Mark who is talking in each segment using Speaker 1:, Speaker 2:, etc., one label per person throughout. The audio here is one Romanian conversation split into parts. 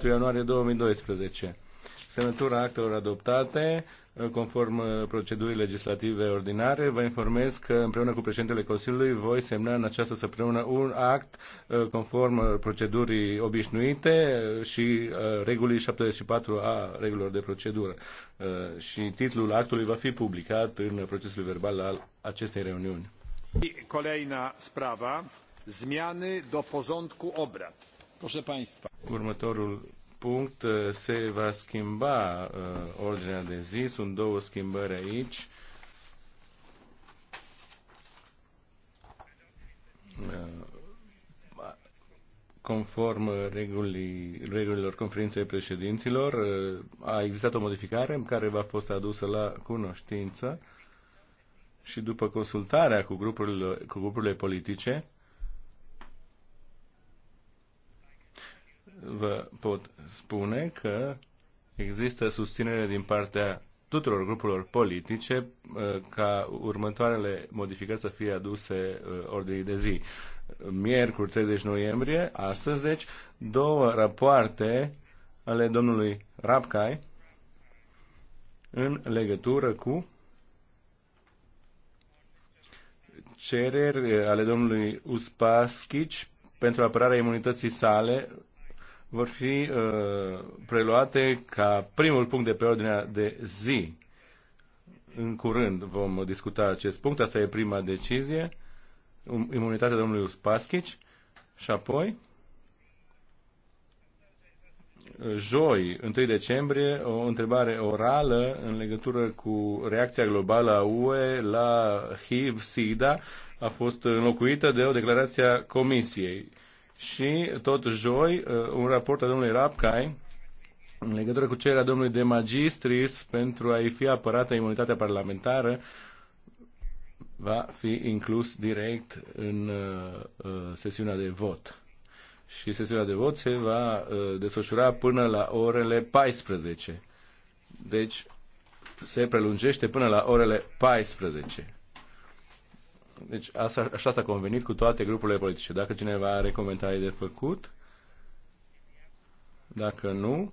Speaker 1: 4 ianuarie 2012. Semnătura actelor adoptate, uh, conform uh, procedurii legislative ordinare, vă informez că împreună cu președintele Consiliului voi semna în această săptămână un act uh, conform procedurii obișnuite și regulii 74 a regulilor de procedură. Și titlul actului va fi publicat în procesul verbal al acestei reuniuni. Kolejna sprawa, zmiany do porządku obrad. Proszę Państwa. Următorul punct se va schimba ordinea de zi. Sunt două schimbări aici. conform regulii, regulilor conferinței președinților, a existat o modificare care va fost adusă la cunoștință și după consultarea cu grupurile, cu grupurile politice, vă pot spune că există susținere din partea tuturor grupurilor politice uh, ca următoarele modificări să fie aduse uh, ordinii de zi. Miercuri 30 noiembrie, astăzi deci, două rapoarte ale domnului Rapcai în legătură cu cereri ale domnului Uspaschici pentru apărarea imunității sale vor fi uh, preluate ca primul punct de pe ordinea de zi. În curând vom discuta acest punct, asta e prima decizie, um, imunitatea domnului Spaschici și apoi joi, 1 decembrie, o întrebare orală în legătură cu reacția globală a UE la HIV-SIDA a fost înlocuită de o declarație a Comisiei și tot joi uh, un raport al domnului Rapcai în legătură cu cererea domnului de magistris pentru a-i fi apărată imunitatea parlamentară va fi inclus direct în uh, uh, sesiunea de vot. Și sesiunea de vot se va desfășura până la orele 14. Deci se prelungește până la orele 14. Deci asta, așa s-a convenit cu toate grupurile politice. Dacă cineva are comentarii de făcut, dacă nu,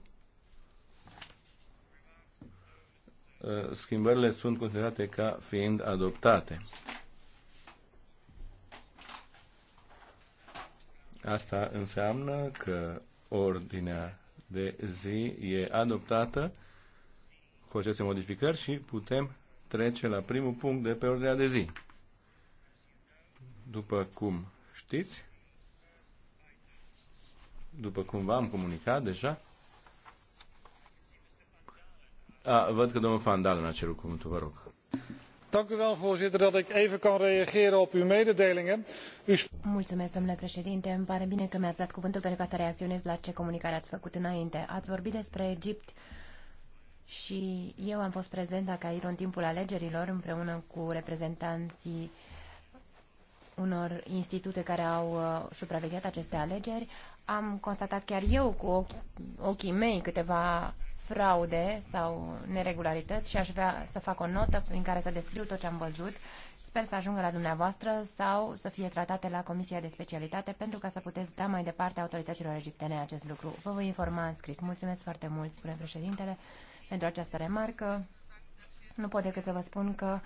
Speaker 1: ă, schimbările sunt considerate ca fiind adoptate. Asta înseamnă că ordinea de zi e adoptată cu aceste modificări și putem trece la primul punct de pe ordinea de zi. După cum știți, după cum v-am comunicat deja, a, văd că domnul Van Dalen a cerut cuvântul, vă
Speaker 2: rog. Dank u wel, voorzitter, dat ik even kan reageren op uw mededelingen. U... Mulțumesc, domnule președinte. Îmi pare bine că mi-ați dat cuvântul pentru ca să reacționez la ce comunicare ați făcut înainte. Ați vorbit despre Egipt și eu am fost prezent la Cairo în timpul alegerilor împreună cu reprezentanții unor institute care au uh, supravegheat aceste alegeri, am constatat chiar eu cu ochii, ochii mei câteva fraude sau neregularități și aș vrea să fac o notă prin care să descriu tot ce am văzut. Sper să ajungă la dumneavoastră sau să fie tratate la Comisia de Specialitate pentru ca să puteți da mai departe autorităților egiptene acest lucru. Vă voi informa în scris. Mulțumesc foarte mult, spune președintele, pentru această remarcă. Nu pot decât să vă spun că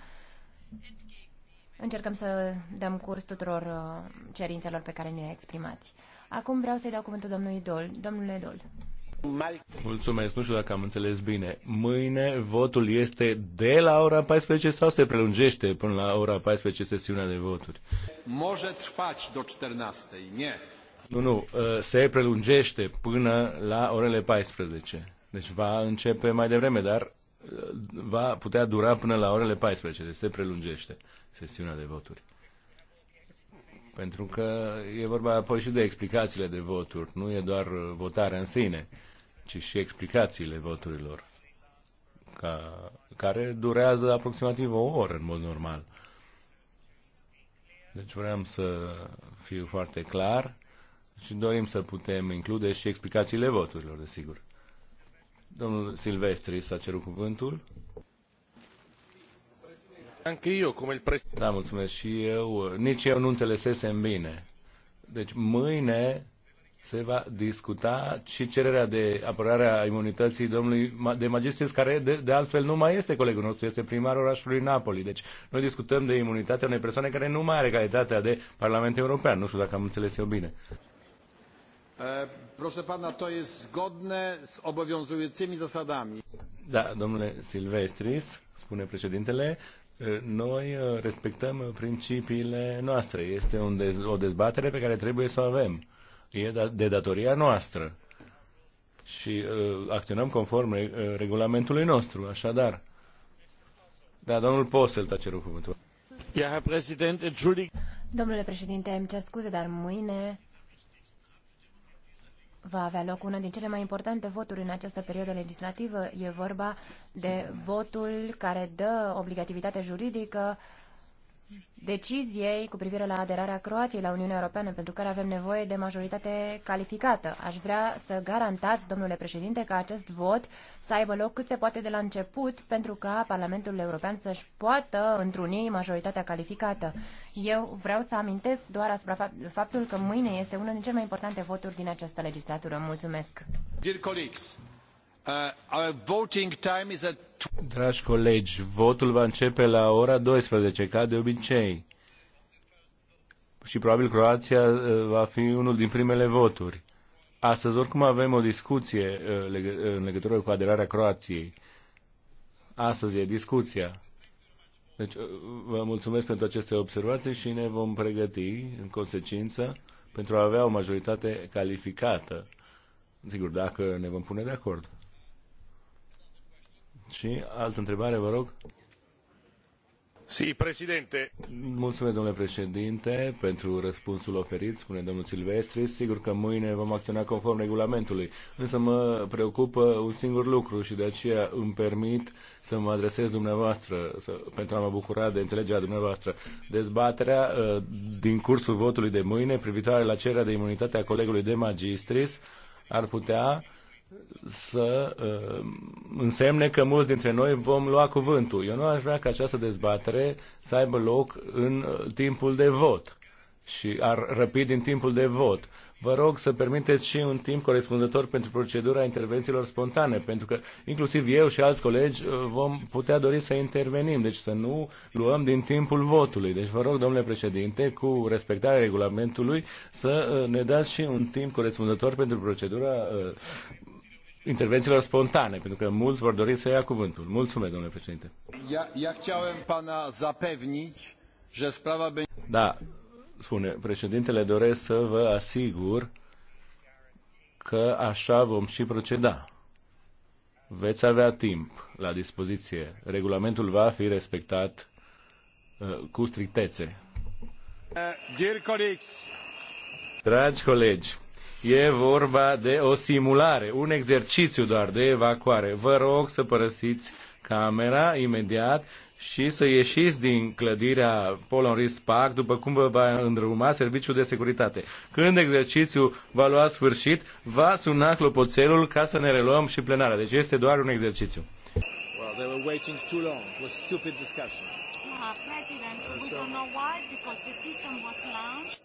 Speaker 2: Încercăm să dăm curs tuturor uh, cerințelor pe care ne exprimați. Acum vreau să-i dau cuvântul domnului Dol. Domnule Dol.
Speaker 1: Mulțumesc, nu știu dacă am înțeles bine. Mâine votul este de la ora 14 sau se prelungește până la ora 14 sesiunea de voturi? Może trwać
Speaker 2: do 14, nie.
Speaker 1: Nu, nu, uh, se prelungește până la orele 14. Deci va începe mai devreme, dar va putea dura până la orele 14, deci se prelungește sesiunea de voturi. Pentru că e vorba apoi și de explicațiile de voturi, nu e doar votarea în sine, ci și explicațiile voturilor, ca, care durează aproximativ o oră în mod normal. Deci vreau să fiu foarte clar și dorim să putem include și explicațiile voturilor, desigur. Domnul Silvestri s-a cerut cuvântul. Anche eu, cum îl presidente. Da, mulțumesc și eu. Nici eu nu înțelesesem bine. Deci mâine se va discuta și cererea de apărare a imunității domnului de magistris, care de, de altfel nu mai este colegul nostru, este primarul orașului Napoli. Deci noi discutăm de imunitatea unei persoane care nu mai are calitatea de Parlament European. Nu știu dacă am înțeles eu bine. Proszę pana, to jest zgodne z obowiązującymi zasadami. Da, domnule Silvestris, spune președintele, noi respectăm principiile noastre. Este un dez, o dezbatere pe care trebuie să o avem. E da, de datoria noastră. Și uh, acționăm conform regulamentului nostru, așadar. Da, domnul Postel a cerut cuvântul.
Speaker 2: Domnule președinte, îmi cer scuze, dar mâine va avea loc una din cele mai importante voturi în această perioadă legislativă. E vorba de votul care dă obligativitate juridică uh, deciziei cu privire la aderarea Croației la Uniunea Europeană, pentru care avem nevoie de majoritate calificată. Aș vrea să garantați, domnule președinte, că acest vot să aibă loc cât se poate de la început, pentru ca Parlamentul European să-și poată întruni majoritatea calificată. Eu vreau să amintesc doar asupra faptul că mâine este unul din cele mai importante voturi din această legislatură. Mulțumesc! Dear colleagues. Uh,
Speaker 1: Dragi colegi, votul va începe la ora 12, ca de obicei. Și probabil Croația uh, va fi unul din primele voturi. Astăzi, oricum, avem o discuție uh, în legătură cu aderarea Croației. Astăzi e discuția. Deci, vă mulțumesc pentru aceste observații și ne vom pregăti, în consecință, pentru a avea o majoritate calificată. Sigur, dacă ne vom pune de acord. Și altă întrebare, vă rog. Si, președinte. Mulțumesc, domnule președinte, pentru răspunsul oferit, spune domnul Silvestri. Sigur că mâine vom acționa conform regulamentului, însă mă preocupă un singur lucru și de aceea îmi permit să mă adresez dumneavoastră, să, pentru a mă bucura de înțelegerea dumneavoastră. Dezbaterea uh, din cursul votului de mâine privitoare la cererea de imunitate a colegului de magistris ar putea să uh, însemne că mulți dintre noi vom lua cuvântul. Eu nu aș vrea ca această dezbatere să aibă loc în ă, timpul de vot și ar răpi din timpul de vot. Vă rog să permiteți și un timp corespunzător pentru procedura intervențiilor spontane, pentru că inclusiv eu și alți colegi ă, vom putea dori să intervenim, deci să nu luăm din timpul votului. Deci vă rog, domnule președinte, cu respectarea regulamentului, să ne dați și un timp corespunzător pentru procedura intervențiilor spontane, pentru că mulți vor dori să ia cuvântul. Mulțumesc, domnule președinte.
Speaker 2: Ja, ja chciałem pana zapewnić, że sprawa będzie...
Speaker 1: Da, spune, președintele doresc să vă asigur că așa vom și proceda. Veți avea timp la dispoziție. Regulamentul va fi respectat uh, cu strictețe.
Speaker 2: Uh, dear colleagues.
Speaker 1: Dragi colegi, E vorba de o simulare, un exercițiu doar de evacuare. Vă rog să părăsiți camera imediat și să ieșiți din clădirea Polonris Park după cum vă va îndrăuma serviciul de securitate. Când exercițiul va lua sfârșit, va suna clopoțelul ca să ne reluăm și plenarea. Deci este doar un exercițiu. Well, they were waiting too long. It was stupid
Speaker 2: discussion. Uh, President, we don't know why, because the system was launched.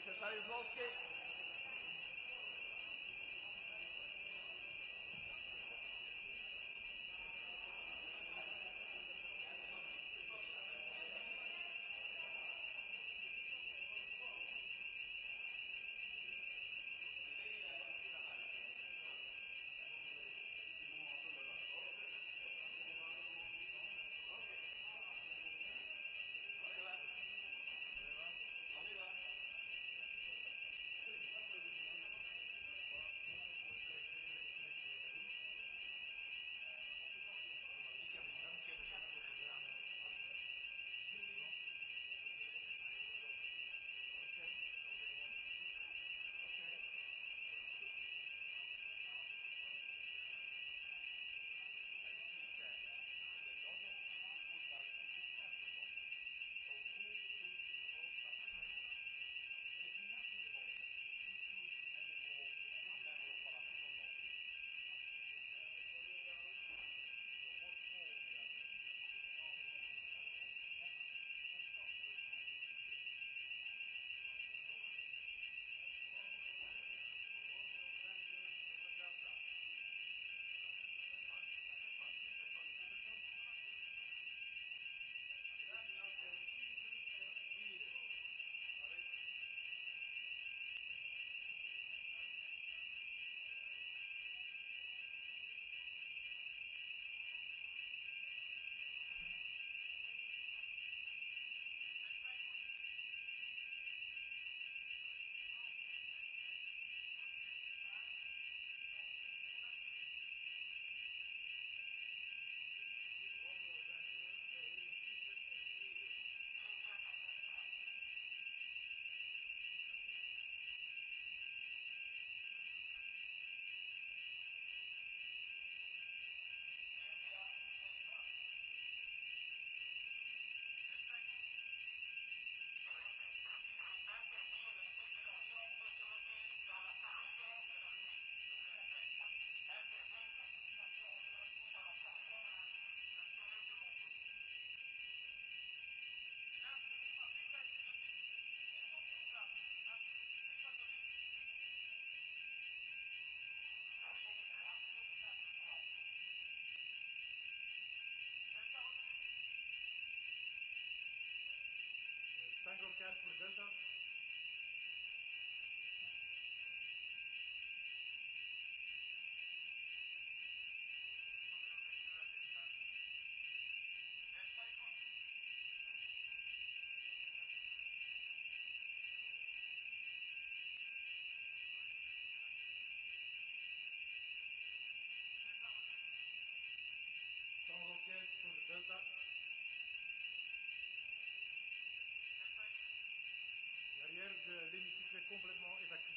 Speaker 2: Mr. Sarizlowski? Dragom chiar spurgântă. complètement évacué.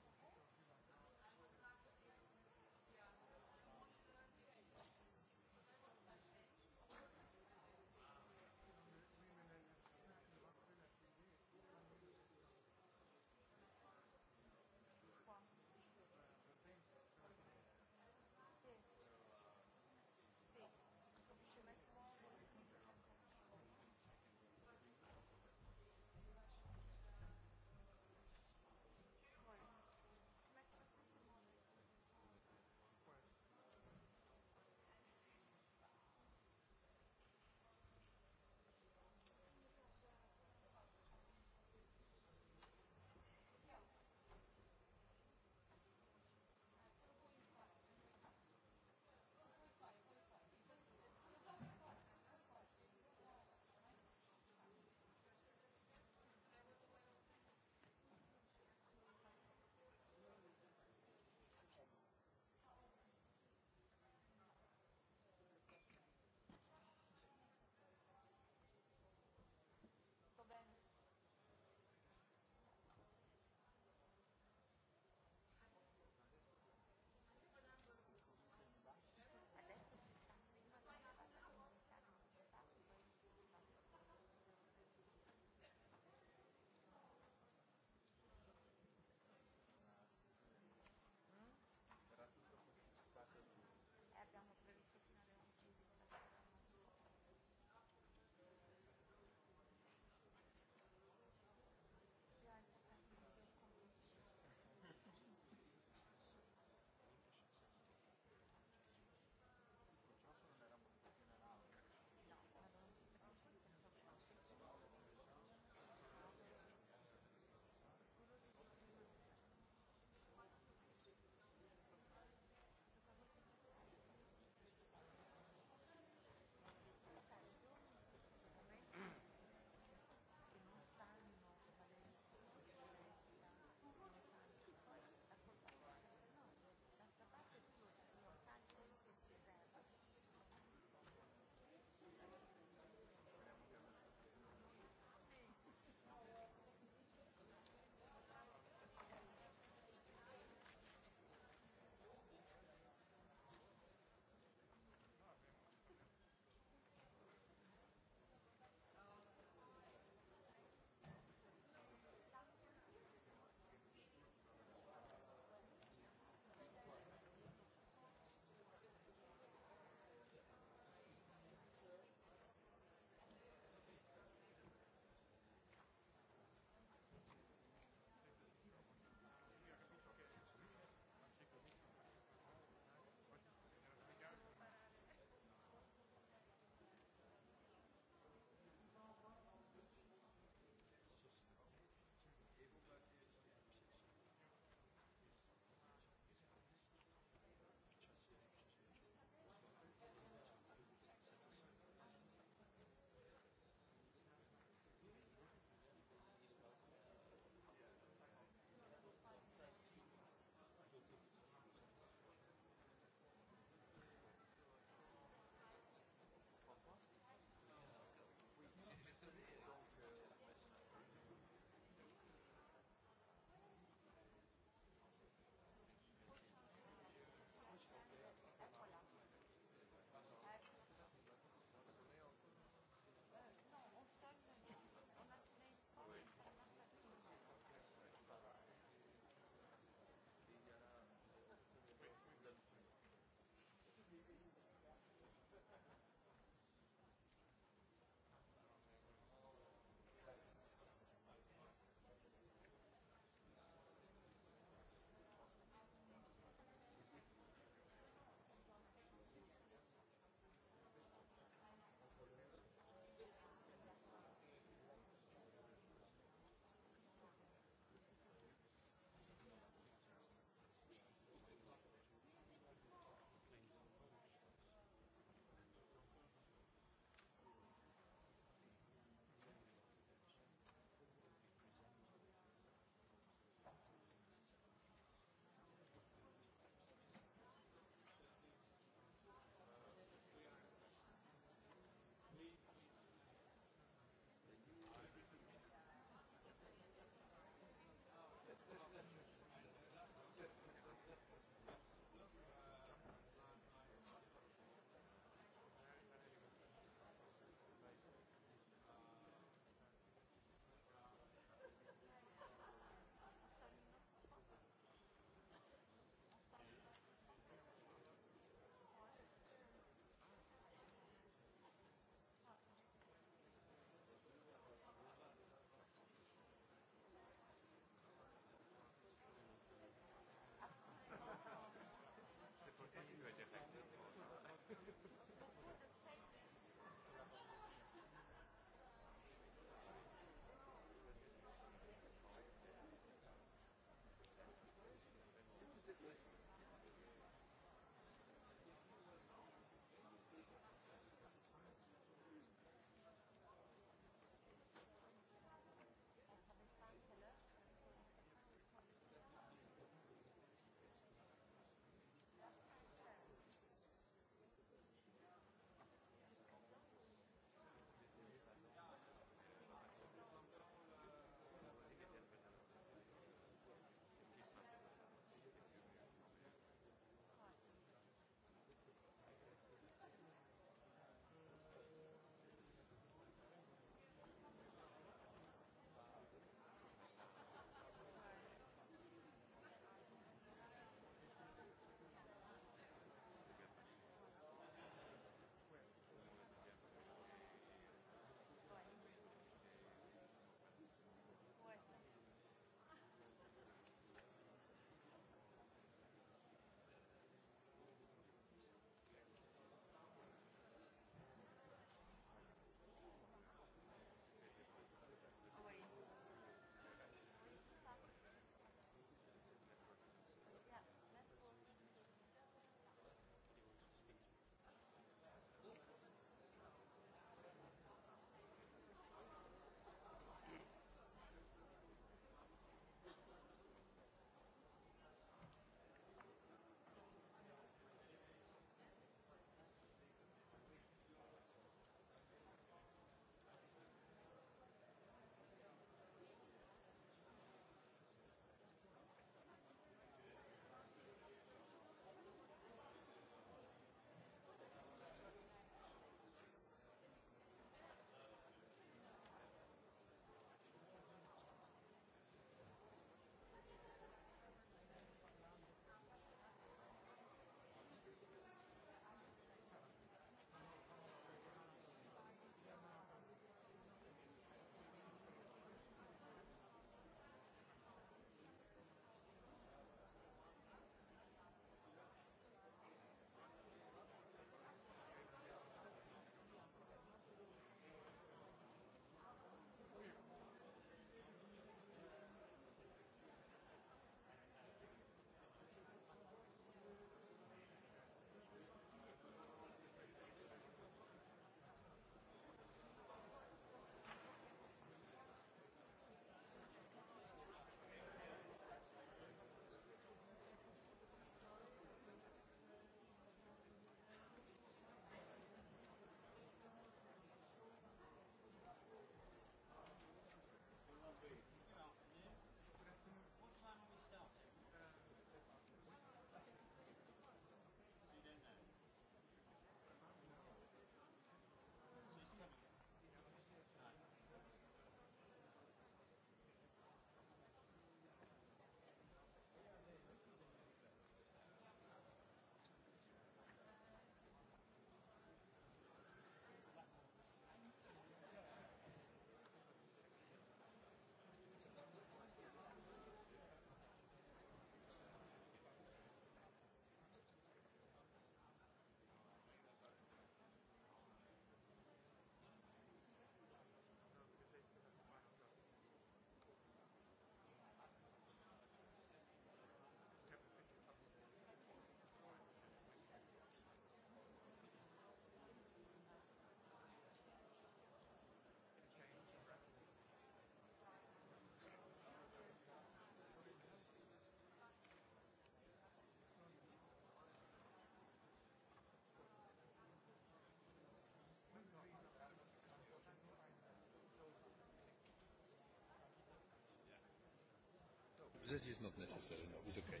Speaker 1: It's not necessary.
Speaker 2: No, It's okay.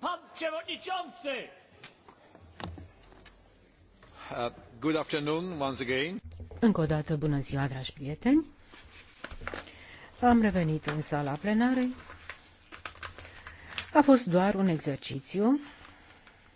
Speaker 2: Pan Przewodniczący! Uh, good afternoon once again. Încă o dată bună ziua, dragi prieteni. Am revenit în sala plenarei. A fost doar un exercițiu